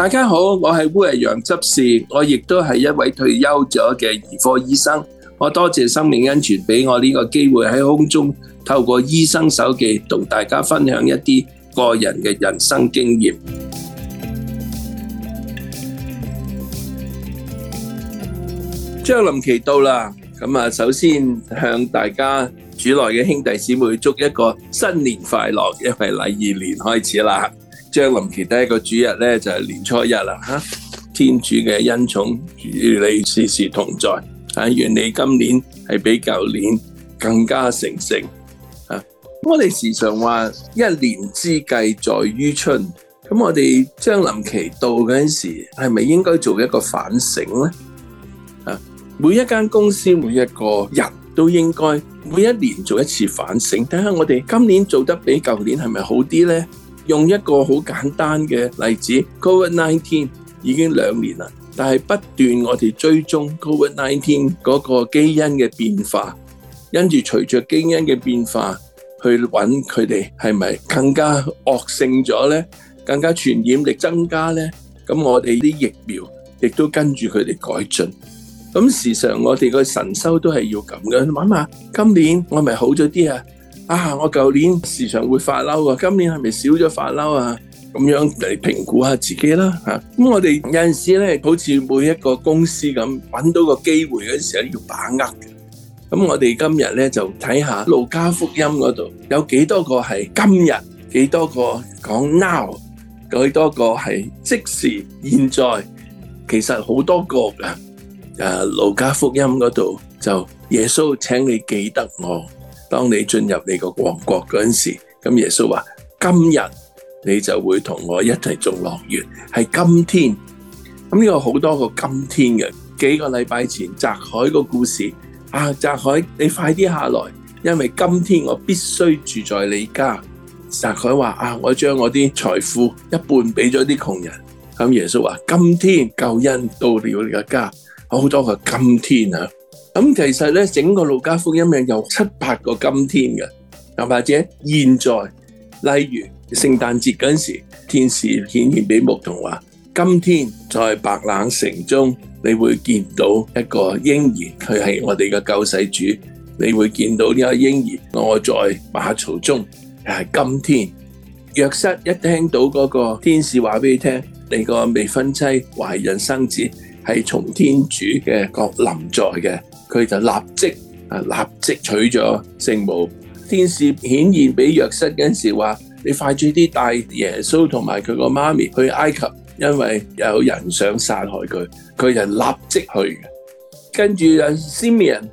大家好，我係烏日陽執事，我亦都係一位退休咗嘅兒科醫生。我多謝生命恩泉俾我呢個機會喺空中透過醫生手記同大家分享一啲個人嘅人生經驗。將臨期到啦，咁啊，首先向大家主內嘅兄弟姊妹祝一個新年快樂，因為禮儀年開始啦。將臨期第一個主日咧，就係年初一啦吓，天主嘅恩寵與你時時同在，啊，願你今年係比舊年更加成聖啊！我哋時常話一年之計在於春，咁我哋將臨期到嗰陣時，係咪應該做一個反省咧？啊，每一間公司，每一個人都應該每一年做一次反省，睇下我哋今年做得比舊年係咪好啲咧？用一個好簡單嘅例子，Covid nineteen 已經兩年啦，但係不斷我哋追蹤 Covid nineteen 嗰個基因嘅變化，跟住隨著基因嘅變化，去揾佢哋係咪更加惡性咗咧？更加傳染力增加咧？咁我哋啲疫苗亦都跟住佢哋改進。咁時常我哋個神修都係要咁嘅。你諗下，今年我咪好咗啲啊？啊！我舊年時常會發嬲啊，今年係咪少咗發嬲啊？咁樣嚟評估下自己啦嚇。咁我哋有陣時咧，好似每一個公司咁，揾到個機會嗰時咧，要把握嘅。咁我哋今日咧就睇下路加福音嗰度有幾多個係今日，幾多個講 now，幾多個係即時現在。其實好多個嘅誒，路加福音嗰度就耶穌，請你記得我。當你進入你個王國嗰時，咁耶穌話：今日你就會同我一齊種樂園，係今天。咁、這、呢個好多個今天嘅，幾個禮拜前澤海個故事啊，澤海你快啲下來，因為今天我必須住在你家。澤海話：啊，我將我啲財富一半俾咗啲窮人。咁、嗯、耶穌話：今天救恩到了你個家，好多個今天啊。咁其實咧，整個《路加福音》有七八個今天嘅，又或者現在，例如聖誕節嗰陣時，天使顯現俾牧童話：今天在白冷城中，你會見到一個嬰兒，佢係我哋嘅救世主。你會見到呢個嬰兒，我在馬槽中，係今天。若瑟一聽到嗰個天使話俾你聽，你個未婚妻懷孕生子，係從天主嘅國臨在嘅。佢就立即啊，立即取咗聖母。天使顯現俾約瑟嗰陣時話：你快啲啲帶耶穌同埋佢個媽咪去埃及，因為有人想殺害佢。佢就立即去，跟住阿 s 米 m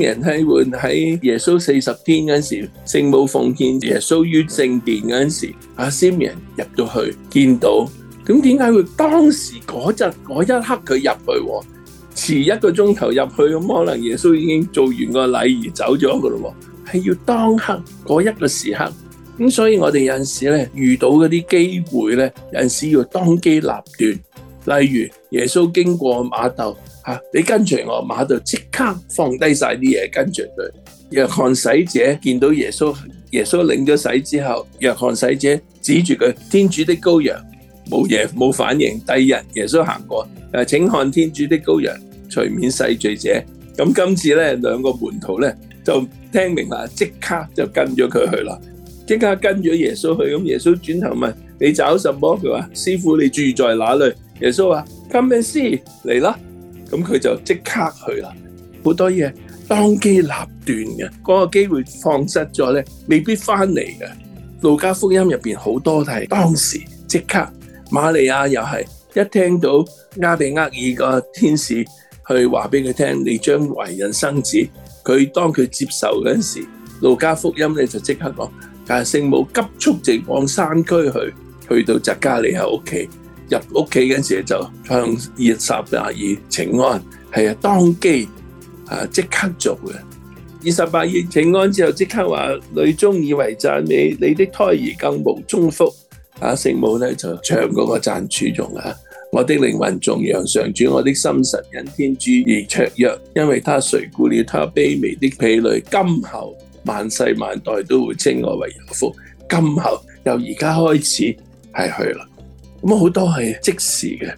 i a n 喺換喺耶穌四十天嗰陣時候，聖母奉獻耶穌於聖殿嗰 s 時，m i a n 入咗去，見到。咁點解佢當時嗰陣嗰一刻佢入去？遲一個鐘頭入去咁，可能耶穌已經做完個禮儀走咗噶咯喎，係要當刻嗰一個時刻咁，所以我哋有陣時咧遇到嗰啲機會咧，有陣時要當機立斷。例如耶穌經過瑪竇吓、啊，你跟隨我，瑪竇即刻放低晒啲嘢跟住佢。若翰洗者見到耶穌，耶穌領咗洗之後，若翰洗者指住佢天主的羔羊。冇嘢冇反應。第二日耶穌行過，誒請看天主的羔羊，除免世罪者。咁今次咧兩個門徒咧就聽明啦，即刻就跟咗佢去啦。即刻跟咗耶穌去，咁耶穌轉頭問，你找什麼？佢話師傅你住在哪裏？耶穌說」耶穌話：Come and see 嚟啦。咁佢就即刻去啦。好多嘢當機立斷嘅，嗰、那個機會放失咗咧，未必翻嚟嘅。路加福音入邊好多係當時即刻。瑪利亞又係一聽到亞庇厄爾個天使去話俾佢聽，你將懷孕生子，佢當佢接受嗰陣時候，路加福音咧就即刻講，但係聖母急速直往山區去，去到扎加利亞屋企入屋企嗰陣時候就向二十八兒請安，係當機啊即刻做嘅。二十八兒請安之後即刻話，女中以為讚美，你的胎兒更無中福。啊，聖母咧就唱嗰個讚主用啊！我的靈魂頌揚上主，我的心神人，因天主而雀躍，因為他垂顧了他卑微的婢女。今後萬世萬代都會稱我為有福。今後由而家開始係去啦。咁好多係即時嘅。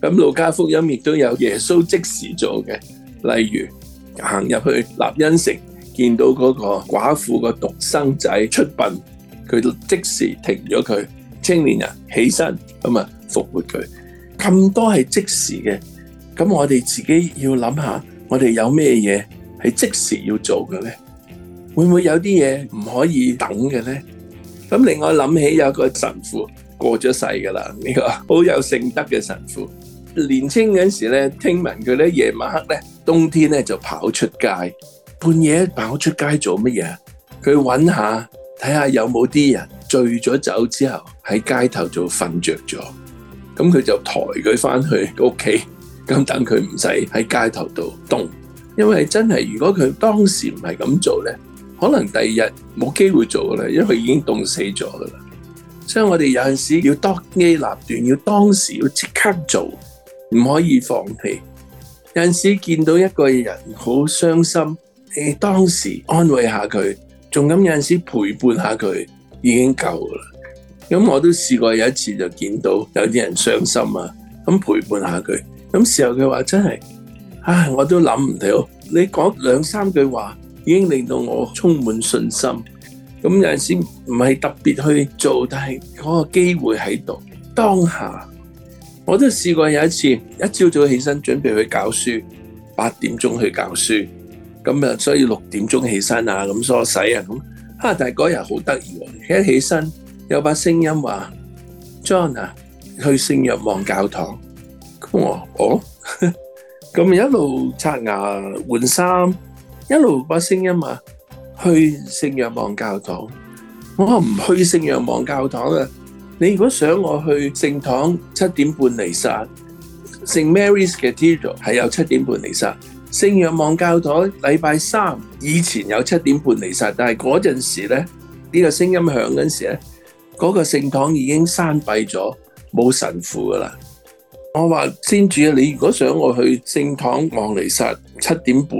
咁路加福音亦都有耶穌即時做嘅，例如行入去納因城，見到嗰個寡婦個獨生仔出殯，佢都即時停咗佢。青年人起身咁啊，復、嗯、活佢。咁多係即時嘅，咁我哋自己要諗下，我哋有咩嘢係即時要做嘅咧？會唔會有啲嘢唔可以等嘅咧？咁另外諗起有個神父過咗世噶啦，呢、這個好有聖德嘅神父，年青嗰時咧，聽聞佢咧夜晚黑咧，冬天咧就跑出街，半夜跑出街做乜嘢？佢揾下睇下有冇啲人，醉咗酒之後喺街頭就瞓着咗，咁佢就抬佢翻去屋企，咁等佢唔使喺街頭度凍，因為真係如果佢當時唔係咁做咧，可能第二日冇機會做啦，因為佢已經凍死咗噶啦。所以我哋有陣時要當機立斷，要當時要即刻做，唔可以放棄。有陣時見到一個人好傷心，誒，當時安慰下佢，仲咁有陣時陪伴下佢。已經夠啦，咁我都試過有一次就見到有啲人傷心啊，咁陪伴下佢，咁時候佢話真係，唉，我都諗唔到，你講兩三句話已經令到我充滿信心，咁有陣時唔係特別去做，但係嗰個機會喺度，當下我都試過有一次一朝早起身準備去教書，八點鐘去教書，咁，啊所以六點鐘起身啊咁梳洗啊咁。啊！但係嗰日好得意喎，一起身有把聲音話：John 啊，去聖約望教堂。咁我哦，咁、oh? 一路刷牙換衫，一路把聲音話：去聖約望教堂。我話唔去聖約望教堂啊！你如果想我去聖堂七點半彌撒，聖 Mary's Cathedral 係有七點半彌撒。聖若望教堂禮拜三以前有七點半彌撒，但係嗰陣時咧呢、這個聲音響嗰陣時咧，嗰、那個聖堂已經關閉咗，冇神父噶啦。我話先住啊，你如果想我去聖堂望彌撒七點半，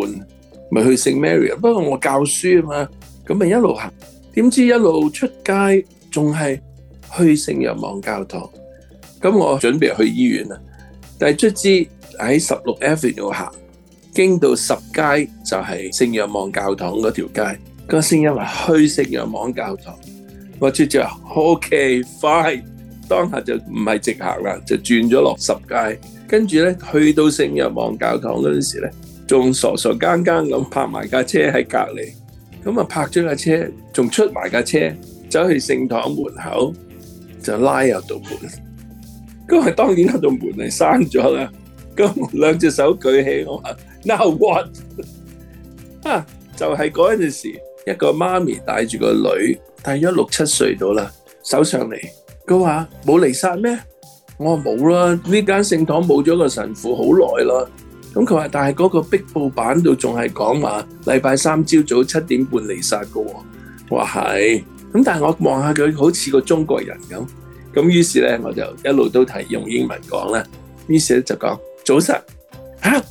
咪去聖 Mary。不過我教書啊嘛，咁咪一路行，點知一路出街仲係去聖若望教堂。咁我準備去醫院啦，但係卒之喺十六 Avenue 行。經到十街就係聖約望教堂嗰條街，個聲音話去聖約望教堂，我直接話 OK fine，當下就唔係直行啦，就轉咗落十街，跟住咧去到聖約望教堂嗰陣時咧，仲傻傻更更咁泊埋架車喺隔籬，咁啊泊咗架車，仲出埋架車走去聖堂門口就拉入道門，咁啊當然嗰道門係閂咗啦，咁兩隻手舉起我。Now what 啊，就係嗰陣時，一個媽咪帶住個女，大咗六七歲到啦，走上嚟，佢話冇彌撒咩？我話冇啦，呢間聖堂冇咗個神父好耐啦。咁佢話，但係嗰個壁布板度仲係講話禮拜三朝早七點半彌撒噶，話係。咁但係我望下佢好似個中國人咁，咁於是咧，我就一路都係用英文講啦。於是咧就講早晨啊。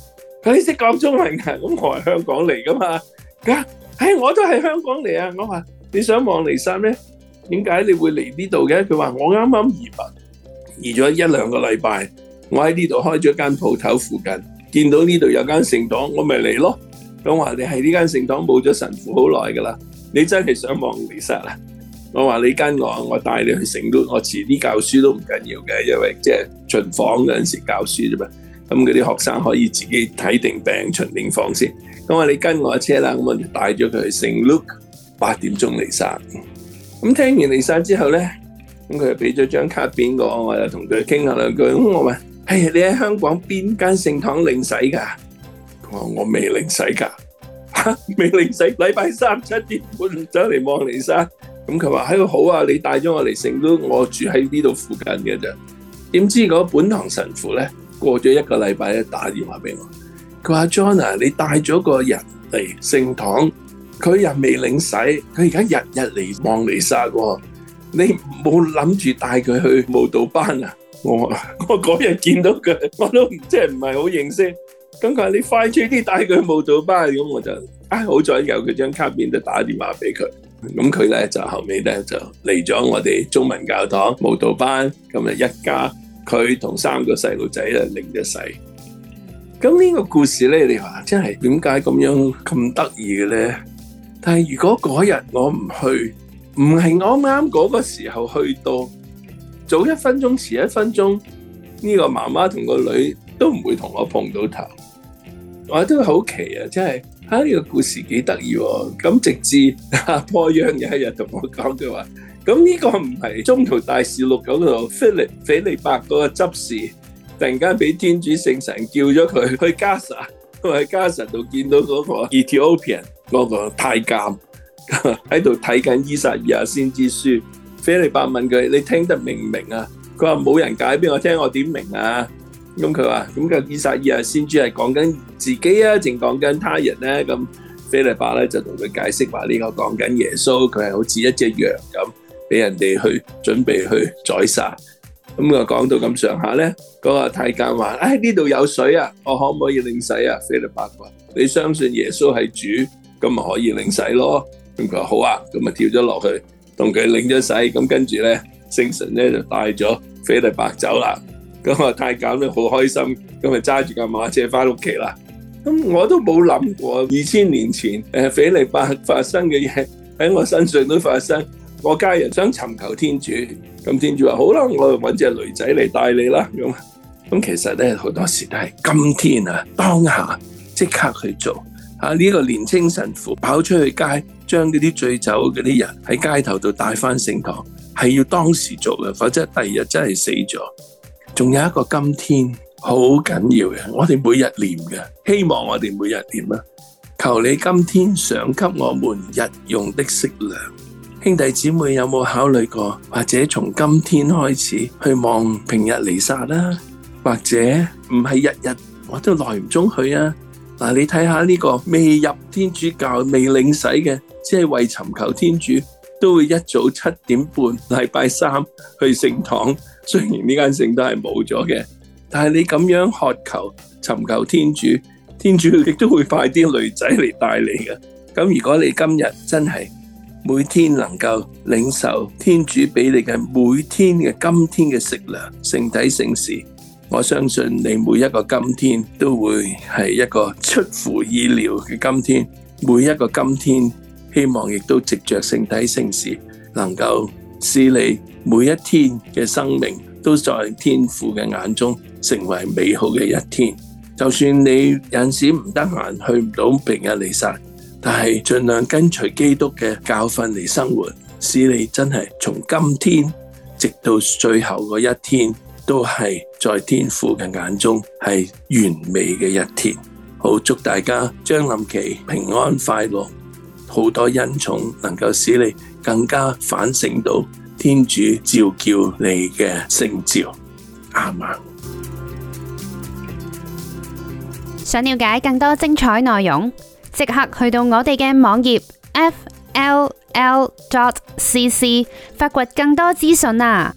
佢識講中文噶，咁我係香港嚟噶嘛？佢、哎、話：我都係香港嚟啊！我話：你想望離曬望彌撒咩？點解你會嚟呢度嘅？佢話：我啱啱移民，移咗一兩個禮拜，我喺呢度開咗間鋪頭，附近見到呢度有一間聖堂，我咪嚟咯。咁話你係呢間聖堂冇咗神父好耐噶啦，你真係想望離曬望彌撒啊？我話你跟我，我帶你去聖都，我遲啲教書都唔緊要嘅，因為即係巡訪嗰陣時候教書啫嘛。咁嗰啲學生可以自己睇定病巡定房先。咁我你跟我嘅車啦，咁我帶咗佢去聖 Luke 八點鐘彌撒。咁聽完彌撒之後咧，咁佢又俾咗張卡片我，我又同佢傾下兩句。咁我問：係、哎、你喺香港邊間聖堂領洗㗎？佢話：我未領洗㗎， 未領洗。禮拜三七點半走嚟望彌撒。」咁佢話：喺度好啊，你帶咗我嚟聖 Luke，我住喺呢度附近嘅啫。點知嗰本堂神父咧？過咗一個禮拜咧，打電話俾我，佢話：Jonah，你帶咗個人嚟聖堂，佢又未領洗，佢而家日日嚟望彌撒，你冇諗住帶佢去慕道班啊？我我嗰日見到佢，我都即係唔係好認識，咁佢話：你快啲啲帶佢去慕道班。咁我就啊，好彩有佢張卡片，就打電話俾佢，咁佢咧就後尾咧就嚟咗我哋中文教堂慕道班，咁啊一家。佢同三個細路仔咧另一世，咁呢個故事咧，你話真係點解咁樣咁得意嘅咧？但係如果嗰日我唔去，唔係我啱嗰個時候去到早一分鐘遲一分鐘，呢個媽媽同個女都唔會同我碰到頭。我都好奇啊，真係嚇呢個故事幾得意喎！咁直至阿坡央有一日同我講佢話。咁呢個唔係宗徒大事錄咁，同斐理斐理伯嗰個執事突然間俾天主聖神叫咗佢去加沙，佢喺加沙度見到嗰個 Ethiopian 嗰個太監喺度睇緊《依撒意亞先知書》，斐理伯問佢：你聽得明唔明啊？佢話冇人解俾我聽，我點明啊？咁佢話：咁個《依撒意亞先知》係講緊自己啊，定講緊他人咧？咁斐理伯咧就同佢解釋話：呢個講緊耶穌，佢係好似一隻羊咁。俾人哋去準備去宰殺，咁啊講到咁上下咧，嗰個太監話：哎呢度有水啊，我可唔可以領洗啊？斐理伯話，你相信耶穌係主，咁咪可以領洗咯。咁佢話好啊，咁咪跳咗落去，同佢領咗洗，咁、嗯、跟住咧，聖神咧就帶咗斐理伯走啦。咁啊太監咧好開心，咁咪揸住架馬車翻屋企啦。咁、嗯、我都冇諗過，二千年前誒斐理伯發生嘅嘢喺我身上都發生。我家人想尋求天主，咁天主話好啦，我搵隻女仔嚟帶你啦。咁咁其實咧，好多時都係今天啊，當下即刻去做啊！呢個年青神父跑出去街，將嗰啲醉酒嗰啲人喺街頭度帶翻聖堂，係要當時做嘅，否則第二日真係死咗。仲有一個今天好緊要嘅，我哋每日念嘅，希望我哋每日念啦。求你今天賞給我們日用的食糧。兄弟姊妹有冇考慮過，或者從今天開始去望平日彌撒啦，或者唔係日日我都耐唔中去啊？嗱，你睇下呢個未入天主教、未領洗嘅，即係為尋求天主，都會一早七點半禮拜三去聖堂。雖然呢間聖堂都係冇咗嘅，但係你咁樣渴求、尋求天主，天主亦都會派啲女仔嚟帶你嘅。咁如果你今日真係，每天能夠領受天主俾你嘅每天嘅今天嘅食糧，聖體聖事。我相信你每一個今天都會係一個出乎意料嘅今天。每一個今天，希望亦都藉著聖體聖事，能夠使你每一天嘅生命都在天父嘅眼中成為美好嘅一天。就算你有時唔得閒，去唔到平日嚟但係盡量跟隨基督嘅教訓嚟生活，使你真係從今天直到最後嗰一天，都係在天父嘅眼中係完美嘅一天。好，祝大家將臨期平安快樂，好多恩寵能夠使你更加反省到天主召叫你嘅聖召。阿門。想了解更多精彩內容，即刻去到我哋嘅網頁 FLL dot cc，發掘更多資訊啊！